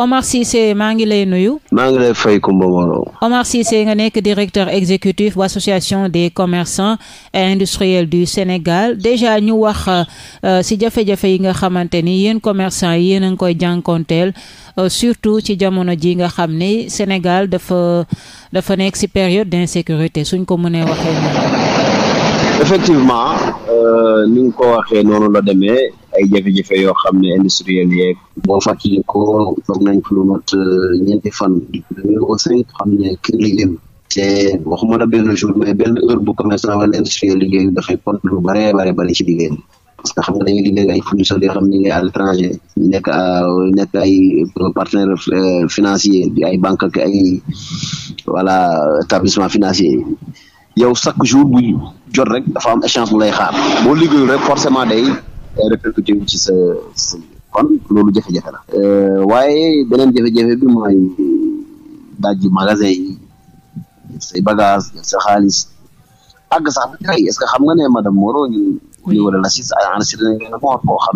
Omar Cissé maa ngi lay nuyu. maa ngi lay fay Kumba Moreau. Omar Cissé nga nekk directeur exécutif bu association des commerçants et industriels du Sénégal déjà ñu wax ci euh, jafe-jafe yi nga xamante ni yéen commerçant yi yéen a ngi koy jànkonteel euh, surtout ci jamono ji nga xam ni Sénégal dafa dafa nekk ci période d'insécurité suñ ko mënee waxee. effectivement euh, ni nga ko waxee noonu la demee ay jafe-jafe yoo xam ne industriel yeeg boo fàttalikoo toog nañ fi lu mat euh, ñeenti fan du premier au cinq xam ne kër liggéey te waxuma la benn jour mais benn heure bu commerçant wala industriel liggéey dafay compte lu bëree bëri bëri ci liggéey bi parce que xam nga dañuy liggéey ay fournisseurs yoo xam ne ñu ngi à nekk nekk ay euh, partenaires financier di ay banque ak ay voilà établissement financier yow chaque jour bu jot rek dafa am échange bu lay xaar boo liggéeyul rek forcément day ci sa sa kon loolu jafe-jafe la. Euh, waaye beneen jafe-jafe bi mooy dajji magasin yi say bagage sa xaalis àgg sax bi tey est-ce que xam nga ne madame Moreau ñu. au niveau de l'ACIS ay xam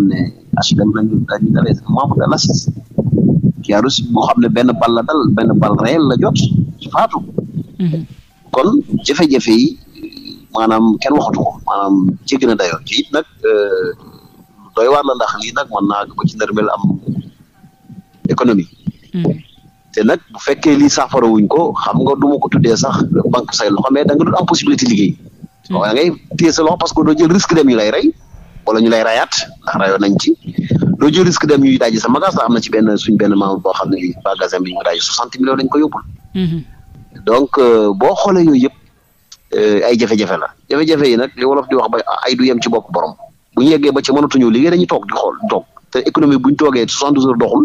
ne HLM lañu dañu dalee membre de a reçu boo xam ne benn bal la dal benn bal réel la jot faatu. Mhm. kon jafe-jafe yi maanaam kenn waxatu ko maanaam jéggi na dayoo ci it nag euh, doy waar la ndax lii nag mën naa ba ci ndërmel am économie hmm. te nag bu fekkee lii saafara wuñ ko xam nga du ma ko tuddee sax banque say loxo mais da nga doon am possibilité liggéey hmm. waaye ngay loxo parce que doo jël risque dem ñu lay rey wala ñu lay rayat ndax rayoon nañ ci doo jël risque dem ñuy daaji maga magasin am na ci benn suñ benn membre boo xam ne magasin bi ñu ko daaji soixante millions lañ ko yóbbul hmm. donc euh, boo xoolee yooyu yëpp Eh, ay jafe-jafe la jafe-jafe yi nag li wolof di wax ba ay du yem ci bopp borom bu ñu ba ci mënatuñu liggéey dañuy toog di xool toog te économie bu ñu toogee soixante douze heures doxul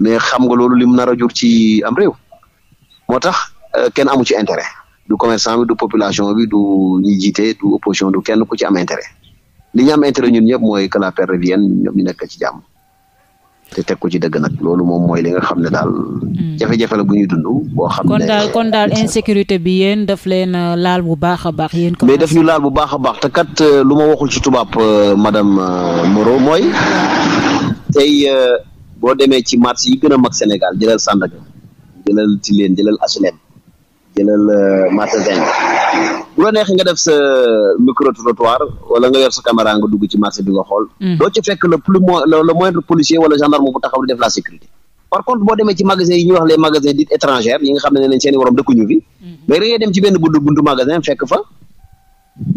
mais xam nga loolu lim nar a jur ci am réew moo tax euh, kenn amu ci intérêt du commerçant bi du population bi du ñi jiite du opposition du kenn ku ci am intérêt li ñu am intérêt ñun ñëpp mooy que la paix revienne ñoom ñu nekk ci jàmm. te teg ko ci dëgg nag loolu moom mooy li nga xam ne daal. Hmm. jafe-jafe la bu ñuy dund. boo xam ne kon daal insécurité bi yéen daf leen euh, laal bu baax a baax yéen. mais daf ñu laal bu baax a baax te kat euh, lu ma waxul ci tubaab euh, madame moro mooy tey boo demee ci marché yi gën a mag Sénégal jëlal Sandaga jëlal Tilène jëlal HLM jëlal marché Zinc. bu la neexee nga def sa micro wala nga yor sa caméra nga dugg ci marché bi nga xool. Hmm. doo ci fekk le plus mo le moindre policier wala gendarme bu taxaw di def la sécurité. par contre boo demee ci magasin yi ñuy wax les magasins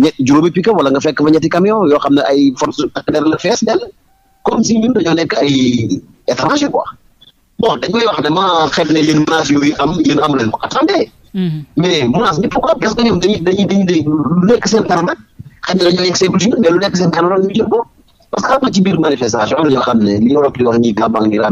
i hmm. wala nga fekk fa ñetti camion yoo xam ne ay force takk-der la fees dell comme si ñun dañoo nekk ay étranger quoi bon dañ koy wax ne ma xel ne yéen menaces yooyu am yéen am leen ko attendez Mm-hmm. mais menace bi pourquoi parce que ñoom dañuy dañuy dañuy lu nekk seen kanam rek xëy na lu nekk seen kanam rek ñu jël ko parce que xam ci biir manifestation am na ñoo xam ne li Europe di wax ñi gàmbaang ñi euh,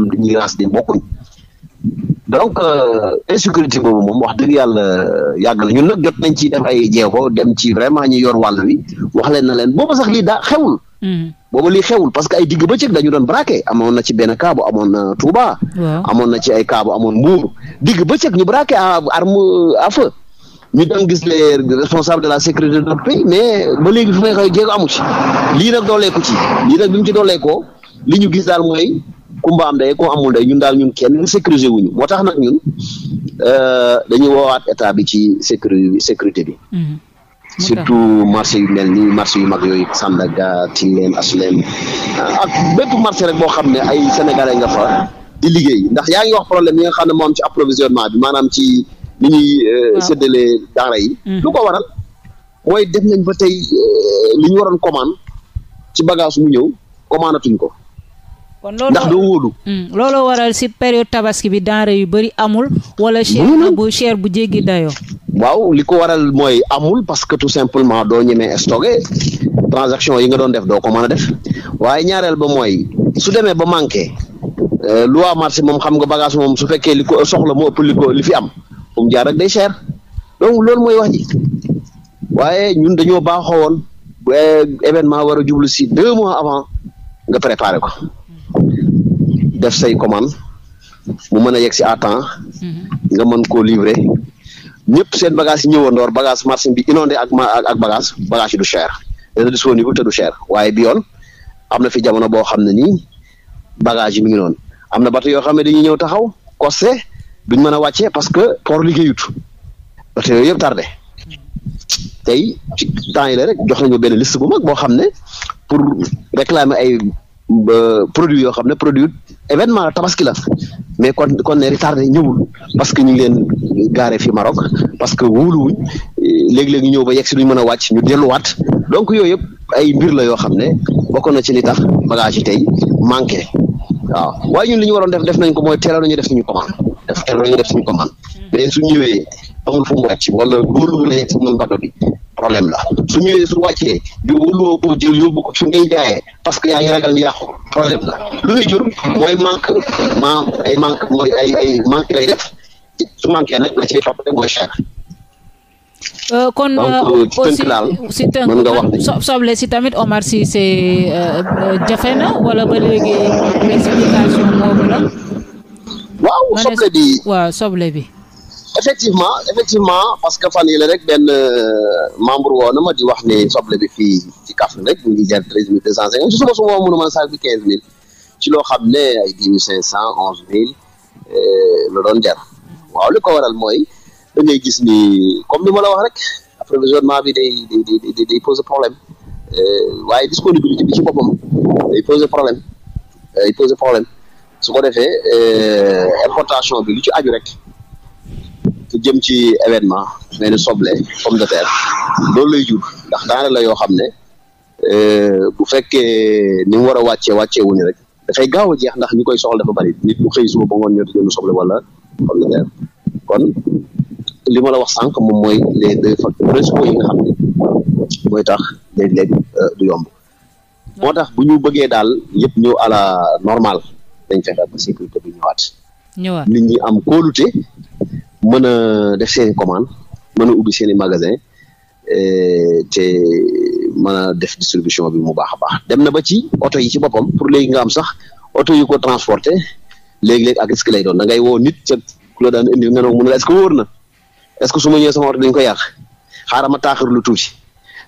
boobu moom wax dëgg yàlla euh, yàgg na ñun nag jot nañ ci def ay jeexoo dem ci vraiment ñi yor wàll wi wax leen na leen boobu sax lii daa xewul Mm-hmm. booba lii xewul parce que ay digg bëccëg dañu doon braqué amoon na ci benn cas bu amoon Touba. amoon na ci ay cas amoon Mbour digg bëccëg ñu braqué arme à feu ñu doon gis les responsables de la sécurité de notre pays mais ba léegi fu may xëy jéego amu ci lii nag dooleeku ci lii nag bi ci dooleekoo li ñu gis daal mooy kumba day koo amul day ñun daal ñun kenn sécuriser wuñu moo tax nag ñun euh, dañuy woowaat état bi ci sécurité bi. Mm-hmm. surtout marché yu mel nii marché yu mag yooyu Sandaga Tilène Aslem ak bépp rek boo xam ne ay sénégalais nga fa di liggéey ndax yaa ngi wax problème yi nga xam ne moo am ci approvisionnement bi maanaam ci li ñuy euh, séddalee daara yi mm. lu ko waral mooy def nañ ba tey euh, li ñu commande ci bagage mu ñëw commandatuñ ko kon loolu ndax doo wóolu. Mm. looloo waral si période tabaski bi denrée yu bëri amul. wala cher bu cher bu jéggi dayoo. waaw li ko waral mooy amul parce que tout simplement doo ñemee stocké transaction yi nga doon def doo ko mën a def waaye ñaareel ba mooy su demee ba manqué euh, loi marché moom xam nga bagage moom su fekkee li ko soxla mu ëpp li ko li fi am fu mu jaar rek day cher donc loolu mooy wax waaye ñun dañoo baaxoo woon bu euh, événement war a jublu si deux mois avant nga préparer ko def say commande mu mën a yegg si à temps mhm. nga mën koo livrer. ñëpp seen bagage yi ñëwandoor bagage marché bi inondé ak ma ak bagage bagage yi du cher dana disponible te waaye bi yoon am na fi jamono boo xam ne nii bagage yi mi ngi noonu am na bato yoo xam ne dañuy ñëw taxaw costé duñ mën a wàcce parce que por liggéeyut bato yooyu yëpp tardé tey ci yi la rek jox nañu benn liste bu mag boo xam ne pour réclamer ay ba produit yoo xam ne produit événement la tabaski la mais kon kon ne retardé ñëwul parce que ñu ngi leen gaare fi Maroc parce que wóoluwuñ léegi-léegi ñëw ba yegg si duñ mën a wàcc ñu delluwaat donc yooyu yëpp ay mbir la yoo xam ne bokk na ci li tax bagage yi tey manqué waaw waaye ñun li ñu waroon def def nañ ko mooy teeloon nañu def suñu commande def teeloon nañu def suñu commande mais su ñëwee amul fu mu wàcc wala góorlu na yegg si mën problème la su ñëwee su wàccee yow wuloo ko jël yóbbu ko fi ngay jaayee parce que yaa ngi ragal yàqu problème la lu muy jur mooy manque ma ay manque mooy ay ay manque lay def su manqué nag la ciy toppale mooy cher. Euh, kon euh, euh, aussi si tënk soble si tamit Omar Cissé jafe na wala ba léegi explication boobu la. waaw soble bi waaw soble bi. effectivement effectivement parce que fan yi la rek benn euh, membre woo na ma di wax ne soble bi fii ci Kaffrine rek mu ngi jar treize mille deux cent cinquante su ma su ma mënu saak bi quinze mille ci loo xam ne ay dix mille cinq cent onze mille euh, la doon jar waaw li ko waral mooy da ngay gis ni comme ni ma la wax rek approvisionnement bi day day day day poser problème euh, waaye disponibilité bi ci boppam day poser problème day poser problème su ko defee importation bi lu ci aju rek. jëm ci événement mel soble pomme de terre loolu lay jur ndax daana la yoo xam ne euh, bu fekkee ni mu war a wàccee wàccee rek dafay gaaw a jeex ndax ñu koy soxla dafa bari nit bu xëy suba ba ngoon ñëw di jënd soble wala pomme de terre kon li ma la wax sànq moom mooy les deux mooy tax léeg-léeg euh, yomb moo tax bu ñu bëggee daal yëpp ñëw à normal dañ fexe ba sécurité bi ñëwaat. ñëwaat nit ñi am kóolute mën def seen commande mën a ubbi seen i magasin eh, te mën a def distribution bi mu baax a baax dem na ba ci oto yi ci boppam pour léegi nga am sax oto yu ko transporter léegi-léegi ak risque lay doon da ngay woo nit ca ku la daan indi nga ne ko mu ne la est-ce na est-ce que su ma sama oto dañ ko yàq xaaral ma taaxir lu tuuti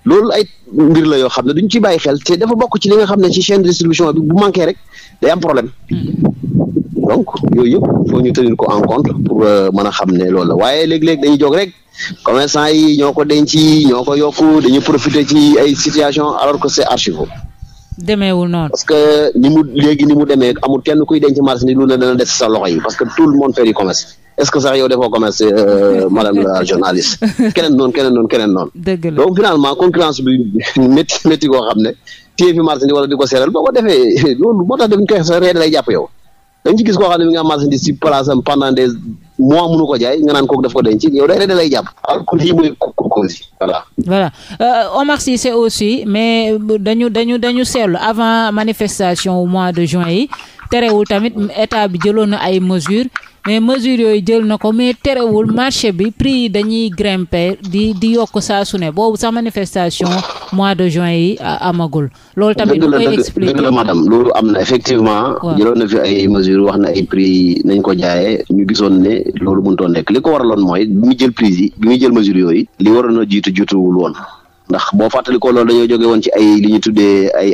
loolu ay mbir la yoo xam ne duñ ci bàyyi xel te defa bokk ci li nga xam ne ci chaîne de distribution bi bu mankee rek day am problème hmm. donc yooyu yëpp faut ñu tenir ko en compte pour euh, mën a xam ne lool la waaye léeg-léeg dañuy jog rek commerçant yi ñoo ko denc ñoo ko yokku dañuy profiter ci ay situation alors que c'est archivé demeewul noonu parce que ni mu léegi ni mu kenn kuy denc marché ni lu ne dana des sa loxo yi parce que tout le monde fait du commerce est-ce que sax yow defoo commerce euh, madame la journaliste keneen noonu keneen noon keneen noonu. dëgg la finalement concurrence bi métti métti xam ne téye fi marché wala di ko seeral boo ko defee loolu moo lay jàpp yow. dañ ci gis koo xam ne mi nga am marchandise ci place am pendant des mois ko jaay nga naan kooku daf ko denc yow day da lay jàpp kon lii mooy cause yi voilà. voilà euh, Omar Cissé aussi mais dañu dañu dañu seetlu avant manifestation au mois de juin yi terewul tamit état bi jëloon na ay mesures. mais mesures yooyu jël na ko mais terewul marché bi prix yi dañuy grimper di di yokk saa su ne boobu sax manifestation mois de juin yi amagul. loolu tamit ñu koy expliquer dëgg la madame loolu am na effectivement. jëloon na fi ay mesures wax na ay prix nañ ko jaayee ñu gisoon ne loolu mun toon nekk li ko waraloon mooy bi muy jël prix yi bi muy jël mesures yooyu li waroon na jiitu jiituwul woon. ndax boo fàttalikoo loolu dañoo jóge woon ci ay li ñu tuddee ay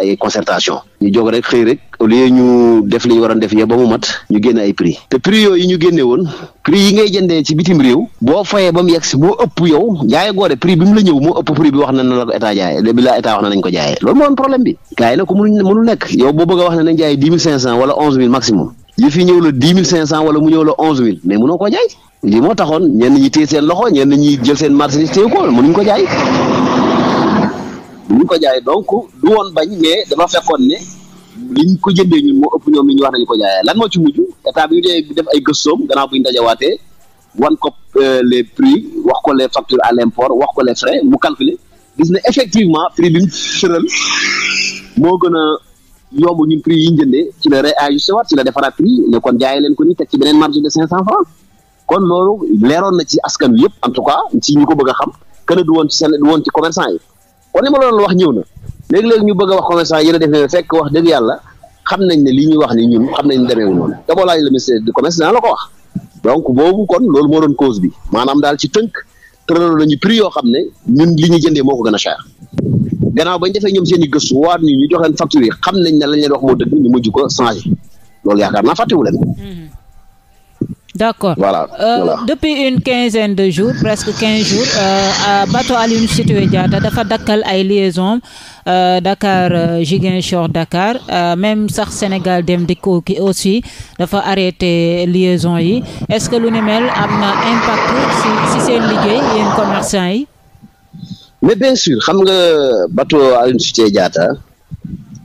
ay concertation ñu jóg rek xëy rek au lieu ñu def li ñu waroon def yëpp ba mu mat ñu génne ay prix te prix yooyu ñu génne woon prix yi ngay jëndee ci bitim réew boo fayee ba mu yegg moo ëpp yow jaayee goore prix bi mu la ñëw moo ëpp prix bi wax na na la ko état jaayee bi la état wax na nañ ko jaayee loolu moo woon na a wax nañ jaayee dix mille cinq wala onze mille maximum yëf yi ñëw la dix mille cinq cent wala mu ñëw la onze mille mais mënoo ko jaay lii moo taxoon ñenn ñi téye seen loxo ñenn ñi jël seen marchandise téye ko mënuñ ko jaay ko jaay donc du woon bañ mais dafa fekkoon ne liñ ko jëndee ñu moo ëpp ñoom li ñu wax nañu ko jaayee lan moo ci mujj état bi ñu dee ay gëstoom gannaaw bu ñu dajawaatee wan ko euh, les prix wax ko les factures à l'import wax ko les frais mu calculer gis ne effectivement prix bi mu tëral moo gën yomb ñun prix yi ñu jëndee ci la réajusté waat ci la defaraat prix ne kon jaayee leen ko ni teg ci beneen marge de cinq cent francs kon loolu leeroon na ci askan yëpp en tout cas ci ñi ko bëgg xam kenn du woon ci seen du woon ci commerçant yi kon li ma la wax ñëw na léegi-léegi ñu bëgg wax commerçant yi la defee fekk wax dëgg yàlla xam nañ ne li ñuy wax ni ñun xam nañ ne demeewul noonu te boo laaj le ministère du commerce dina la ko wax donc boobu kon loolu moo doon cause bi maanaam daal ci tënk tëraloon nañu prix yoo xam ne ñun li ñu jëndee moo ko a cher gannaaw bañ defee ñoom seen i gëstu waar ñu ñu joxeen facture yi xam nañ ne lañ leen wax moo dëgg ñu mujj ko changé loolu yaakaar naa fàttewu leen mhm. d'accord euh, depuis une quinzaine de jours presque quinze jours euh, bateau Aline Sitoé Diatta dafa dakkal ay liaison euh, Dakar euh, Ziguinchor Dakar euh, même sax Sénégal Dem Dikk ki aussi dafa arrêté liaison yi est-ce que lu ni mel am na impact si seen liggéey yéen commerçant yi mais bien sûr xam nga bato a Sitoé Diatta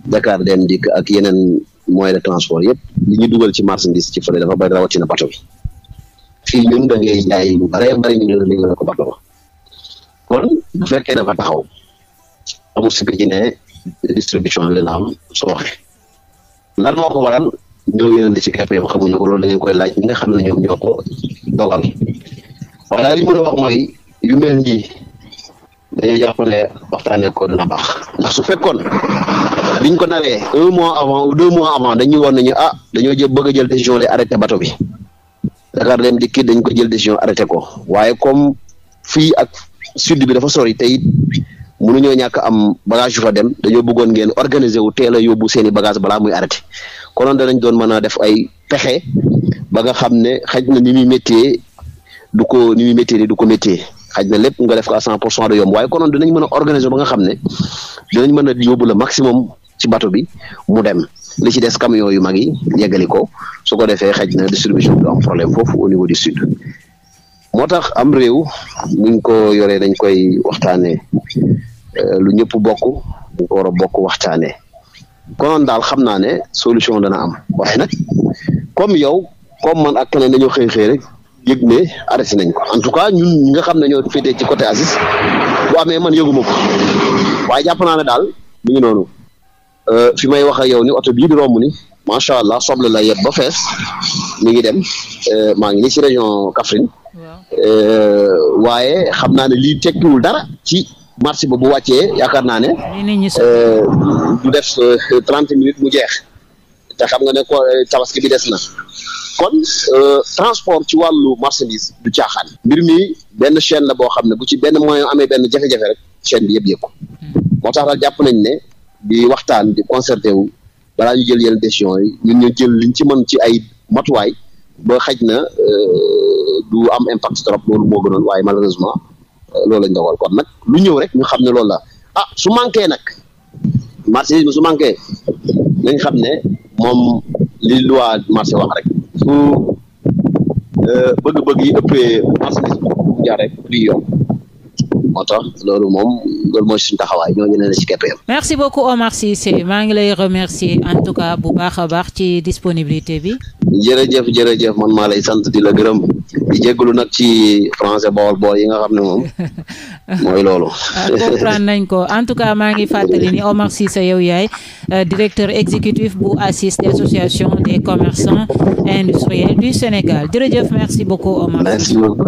Dakar Dem Dikk ak yeneen moyens de transport yëpp li ñu dugal ci marchandise ci fële dafa bari rawatina bateau bi fii ñun da ngay jaay lu bare bari ñu ne ko bateau kon bu fekkee taxaw amul si ci ne distribution la la am sooxe moo ko waral yeneen di ci képp ko loolu da koy laaj ñi nga xam ne ñoom ñoo ko dogal voilà li mu wax mooy yu mel dañuy jàpp ne waxtaanee ko dina baax ndax su fekkoon biñ ko nawee mois avant ou mois avant dañuy woon nañu ah dañoo jël bëgg a jël décision lay arrêté bateau bi Dakar Dem Dikk dañ ko jël décision arrêté ko waaye comme fii ak sud bi dafa sori te it mënuñoo ñàkk am bagage yu fa dem dañoo buggoon ngeen organiser wu teel a yóbbu seen i bagage balaa muy arrêté konoon danañ doon mën a def ay pexe ba nga xam ne xaj na ni muy métier du ko ni muy métier du ko métier xaj na lépp nga def ko à cent pour cent de yomb waaye konoon dinañ mën a organiser ba nga xam ne dinañ mën a yóbbu le maximum ci bateau bi mu dem li ci des camions yu mag yi yeggali ko su ko defee xaj na distribution du am problème foofu au niveau du sud moo tax am réew niñ ko yoree dañ koy waxtaanee euh, lu ñëpp bokk ñu ko war bokk waxtaanee konoon daal xam naa ne solution dana am waaye nag comme yow kom man ak keneen dañoo xëy xëy rek. yëg ne arrêté nañ en tout cas ñun nga xam ne ñoo féetee ci côté Aziz bu amee man yëguma ko waaye jàpp naa ne daal mu ngi noonu euh, fi may wax yow ni oto bii di romb ni macha allah soble la yeb ba fees mi ngi dem euh, maa ngi nii ci région Kaffrine euh, waaye xam naa ne lii tekkiwul dara ci marché ba bu wàccee yaakaar naa ne du def trente minutes mu jeex te xam nga ne ko tabaski bi des na kon euh, transport ci wàllu marchandise du caaxaan mbir mi benn chaine la boo xam ne bu ci benn moyen amee benn jafe-jafe rek chaîne bi yëpp yëpp hmm. moo tax daal jàpp nañ ne di waxtaan bi concerté wu balaa ñu jël yenn décision yi ñun ñu jël liñ ci mën ci ay matuwaay boo xaj na euh, du am impact trop loolu moo gënoon waaye malheureusement euh, loolu lañ dogal kon nag lu ñëw rek ñu xam ne loolu la ah su manqué nag marchandise bi su manqué nañ xam ne moom li loi marché wax rek su euh, bëgg-bëgg yi ëppee marchandise bi jaar rek lii yomb moo loolu moom loolu mooy suñu taxawaay ñoo ñu ne la ci keppee merci beaucoup Omar Cissé maa ngi lay remercier en tout cas bu baax a baax ci disponibilité bi. jërëjëf jërëjëf man maa lay sant di la gërëm. di jégalu nag ci français bool bool yi nga xam ne moom mooy loolu. Ah, comprendre nañ ko en tout cas maa ngi fàttali ni Omar sa yow yaay euh, directeur exécutif bu ACIS l'association des commerçants industriels du Sénégal jërëjëf merci beaucoup Omar. beaucoup.